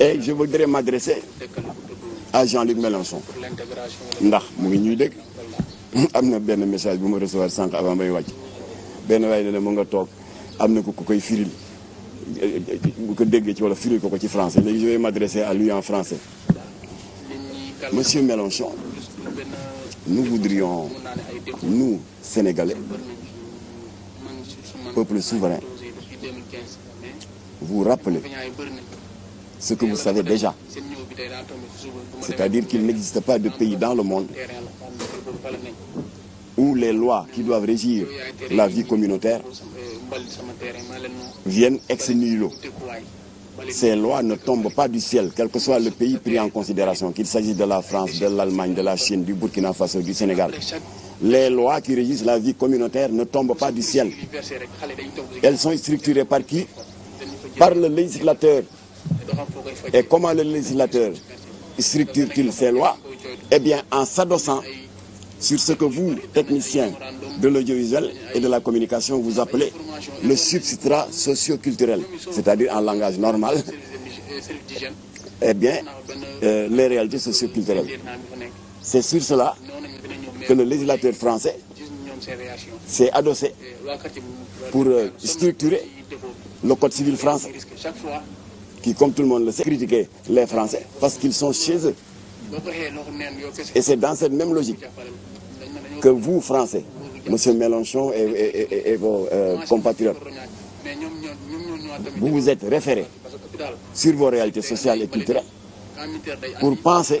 et je voudrais m'adresser à Jean-Luc Mélenchon ndax mu ngi ñuy dégg am na benn message bu ma recevoir sànq avant may wàcc benn waaye ne ne nga toog am na ku ko koy firil bu ko déggee ci wala firil ko ko ci français léegi je vais m'adresser à lui en français monsieur Mélenchon nous voudrions nous Sénégalais peuple souverain vous rappeler ce que vous savez C'est-à-dire qu'il n'existe pas de pays dans le monde où les lois qui doivent régir la vie communautaire viennent ex nihilo. Ces lois ne tombent pas du ciel, quel que soit le pays pris en considération, qu'il s'agisse de la France, de l'Allemagne, de la Chine, du Burkina Faso, du Sénégal. Les lois qui régissent la vie communautaire ne tombent pas du ciel. Elles sont structurées par qui Par le législateur Et comment le législateur structure-t-il ces lois? Eh bien, en s'adossant sur ce que vous, techniciens de l'audiovisuel et de la communication, vous appelez le substrat socio-culturel, c'est-à-dire en langage normal, eh bien, euh, les réalités socio-culturelles. C'est sur cela que le législateur français s'est adossé pour euh, structurer le code civil français. qui, comme tout le monde le sait, critiquer les Français parce qu'ils sont chez eux. Et c'est dans cette même logique que vous, Français, Monsieur Mélenchon et, et, et, et vos euh, compatriotes, vous vous êtes référés sur vos réalités sociales et culturelles pour penser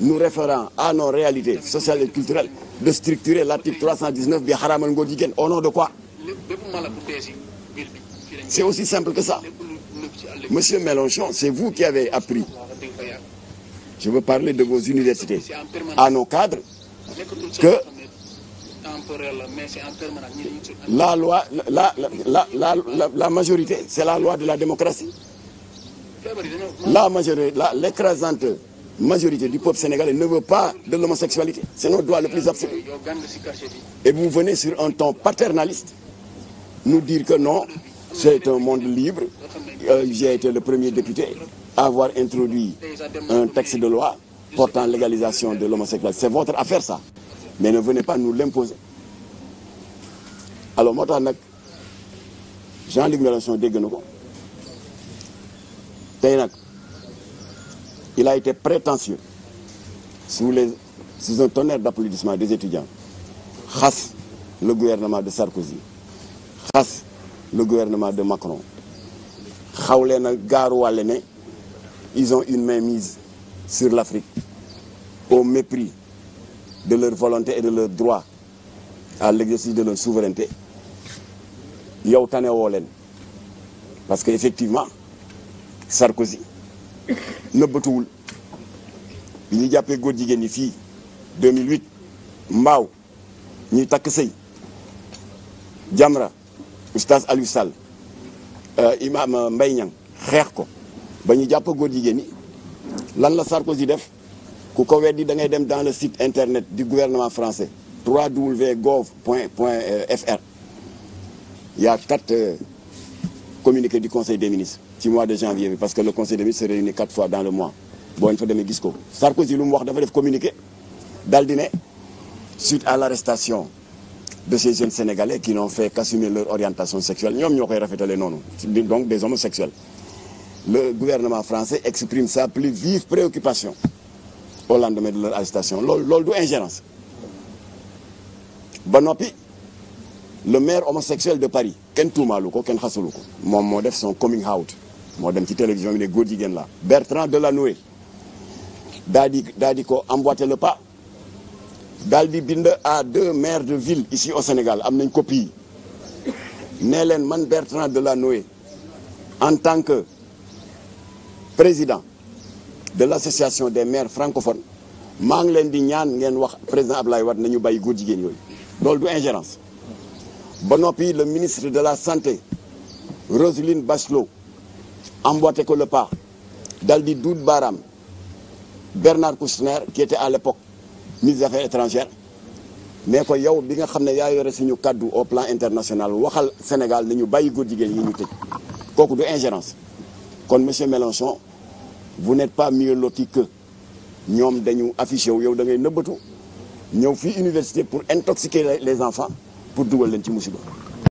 nous référant à nos réalités sociales et culturelles de structurer l'article 319 bi xaraamal ngóor jigéen au nom de quoi c'est aussi simple que ça monsieur Mélenchon c'est vous qui avez appris je veux parler de vos universités à nos cadres que la loi la la majorité c'est la loi de la démocratie la majorité la l'écrasante majorité du peuple sénégalais ne veut pas de l'homosexualité. C'est notre droit le plus absolu. Et vous venez sur un ton paternaliste nous dire que non, c'est un monde libre. Euh, j'ai été le premier député à avoir introduit un texte de loi portant légalisation de l'homosexualité. C'est votre affaire ça. Mais ne venez pas nous l'imposer. alors moo tax nag Jean-Luc Mélenchon dégg na ko tey Il a été prétentieux sous les sous un tonnerre d'applaudissements des étudiants xas le gouvernement de Sarkozy xas le gouvernement de Macron xaw leen a gaaruwàlle ne ils ont une mise sur l'Afrique au mépris de leur volonté et de leur droit à l'exercice de leur souveraineté yow tane woo leen parce que effectivement Sarkozy nëbbatuwul bi ñuy jàppee góor jigéen yi fii 2008 mbaaw ñu takk sëy jamra oustaz Aliou Sall euh, mbay euh, Mbaye xeex ko ba ñu jàpp góor jigéen yi lan la Sarkozy def ku ko weddi da ngay dem dans le site internet du gouvernement français www.gov.fr euh, il y ya quatre communiqués du conseil de ministres ci mois de janvier bi parce que le conseil des ministres se réunit quatre fois dans le mois boo ñu fa demee gis ko Sarkozy lu mu wax dafa def communiqué daal di ne suite à l'arrestation de ces jeunes sénégalais qui n'ont fait qu'assumer leur orientation sexuelle ñoom ñoo koy rafetale noonu donc des homosexuels le gouvernement français exprime sa plus vive préoccupation au lendemain de leur arrestation loolu loolu du ingérence ba noppi le maire homosexuel de Paris kenn tuumaalu ko kenn xasulu ko moom moo def son coming out moo dem ci télévision bi ne góor jigéen la Bertrand Delanoë daal di daal di ko emboîter le pa daal di bind à deux maire de ville ici au Sénégal am nañ copie yi nee leen man Bertrand Delanoë en tant que président de l'association des maires francophones maa ngi leen di ñaan ngeen wax président Ablaye Wade nañu bay góor jigéen yooyu loolu du ingérence ba noppi le ministre de la santé Roselyne Bachelot emboîté ko le pas dal di duut baaraam Bernard Kouchner qui était à l'époque ministre des affaires étrangères mais ko yow bi nga xam ne yaa yore suñu kàddu au plan international waxal Sénégal ni ñu bàyyi góor jigéen yi ñu tëj kooku du ingérence kon monsieur Mélenchon bu n'êtes pas mieux loti que ñoom dañu affiché wu yow da ngay nëbbatu ñëw fii université pour intoxiquer les enfants pour dugal leen ci musiba